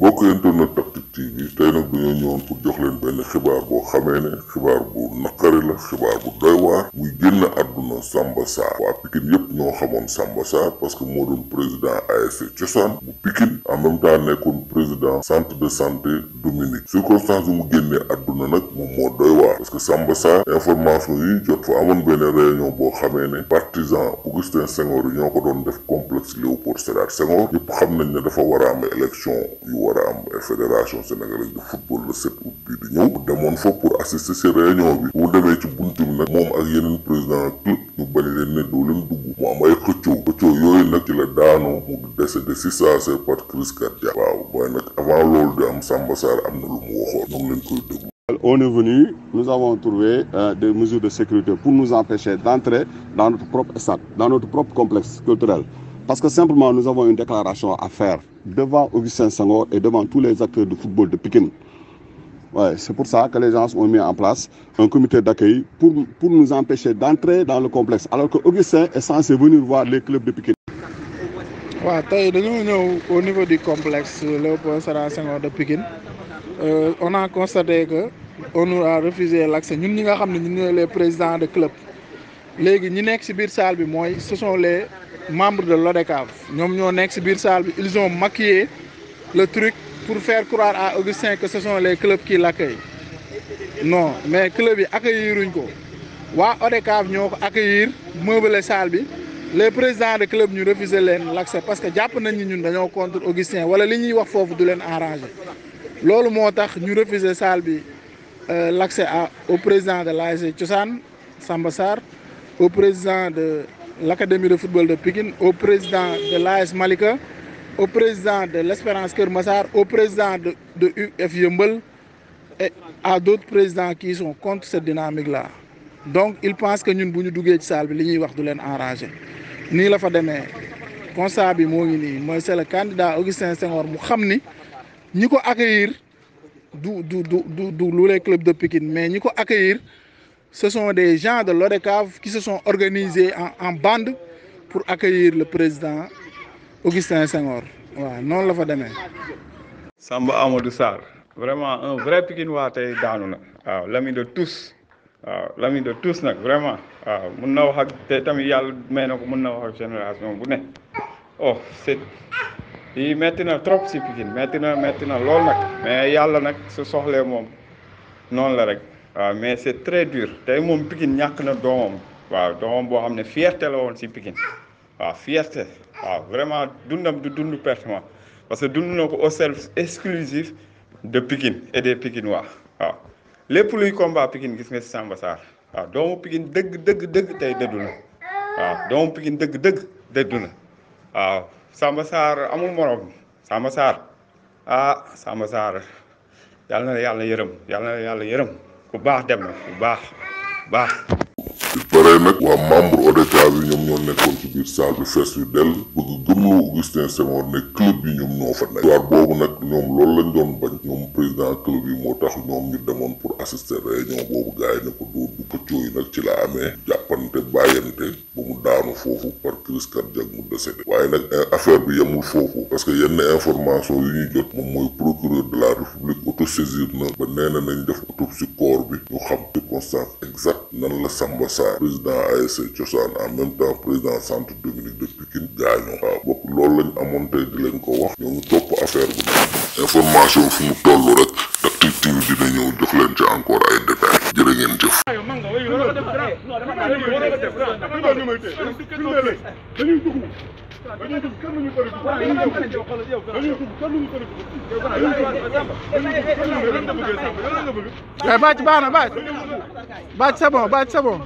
mbokk internet Tactic TV tey nag dañoo ñëwoon pour jox leen benn xibaar boo xamee ne xibaar bu naqari la xibaar bu doy waar muy génn àdduna Samba waa Pikine yépp ñoo xamoon Samba parce que moo doon président ASC Cosaan bu Pikine en même temps président centre de santé Dominique circonstance bi mu génnee àdduna nag moom moo doy waar parce que Samba information yi jot fa amoon benn réunion boo xamee ne partisan Augustin Senghor yi ñoo war a am fédération sénégalaise de football le 7 août bii di ñëw demoon fa pour assister si réunion bi bu demee ci buntu bi nag moom ak yeneen président club ñu bañ leen ne doo leen dugg ay xëccoo xëccoo yooyu nag ci la daanu mu décédé si saa see par crise waaw waaye nag avant loolu di am Samba Sarr am na lu mu waxoon ñu leen koy déglu. On est venu, nous avons trouvé euh, des mesures de sécurité pour nous empêcher d'entrer dans notre propre stade, dans notre propre Parce que simplement, nous avons une déclaration à faire devant Augustin Senghor et devant tous les acteurs du football de Pékin. Ouais, c'est pour ça que les gens ont mis en place un comité d'accueil pour, pour nous empêcher d'entrer dans le complexe. Alors que Augustin est censé venir voir les clubs de Pékin. dañoo ñëw au niveau du complexe Léopold euh, on a constaté que on nous a refusé l'accès ñun ñi nga xam ne ñun ñooy les président de club léegi ñi nekk ci biir salle bi mooy ce sont les membre de l'ODECAV ñoom ñoo nekk ci biir salle bi ils ont maquillé le truc pour faire croire à Augustin que ce sont les clubs qui l'accueillent non mais club yi accueilliruñ ko waa ODECAV ñoo ko accueillir meublé salle bi les président de club ñu refuser leen l'accès parce que jàpp nañ ni ñun dañoo contre Augustin wala li ñuy wax foofu du leen arranger loolu moo tax ñu refuser salle bi euh, l'accès à au président de l'ASC Cosaan sambasar au président de l'académie de football de Pékin, au président de l'AS Malika, au président de l'Espérance Kermassar, au président de, de UF Yumble à d'autres présidents qui son contre cette dynamique la Donc, il pensent que bu duggee nous, bi li sommes wax nous leen enrager. Ni la Fademé, constat bi moo ngi nii mooy c'est le candidat Augustin Senghor mu xam ni ñi ko accueillir du du du du du lu les club de Pikine mais ñi ko accueillir ce sont des gens de l'ODECAV qui se sont organisés en, en bande pour accueillir le président Augustin Senghor waaw noonu la fa demee. Samba Amadou Sarr vraiment un vrai Pikinois tey daanu na waaw l'ami de tous waaw l'ami de tous nag vraiment waaw mun na wax ak te tamit yàlla may na ko mun na wax ak génération bu ne oh c'est yi metti na trop si Pikine metti na metti na lool nag mais yàlla nag su soxlee moom noonu la rek. waaw ah, mais c' est très dure tey moom Pikine ñàkk na doomam waaw doomam boo xam ne fierté la woon si pikin waaw fierté waaw vraiment dundam du dund pertement parce que dund na ko au service exclusif de Pikine et des Pikinois waaw lépp luy combat Pikine gis nga si Samba Sarr waaw doomu Pikine dëgg dëgg dëgg tey dëddu na waaw doomu Pikine dëgg dëgg dëddu na waaw Samba Sarr amul morom Samba Sarr ah Samba Sarr yàlla yërëm yàlla na yàlla yërëm. ku baax dem na ku baax baax. pare nag waa membre ODCAV yi ñoom ñoo nekkoon ci biir salle yu dell bëgg gëmloo Augustin Senghor ne club yi ñoom ñoo fa nekk. soir boobu nag ñoom loolu lañ doon bañ ñoom président club yi moo tax ñoom ñu demoon pour assister réunion boobu gars ne ko dóor pëccoo yi ci la amee jàppante bàyyante ba mu daanu foofu eh, affaire bi yemul foofu que corps bi ñu xam circonstance exacte nan la Samba Sarr président ASC Cosaan en même temps président centre Dominique de Pikine gaañoo waaw bokk loolu lañ amoon tey di lañ ko wax ñoo ngi topp affaire bi nag information fu mu toll rek Tactic TV dina ñëw jox leen ci encore ay détails jërë ngeen jëf dañuy dugg dañuy dugg kenn ñu bëri dañuy dugg kenn ñu bëri dañuy bàcc baax na bàcc bàcc c'est bon bàcc c'est bon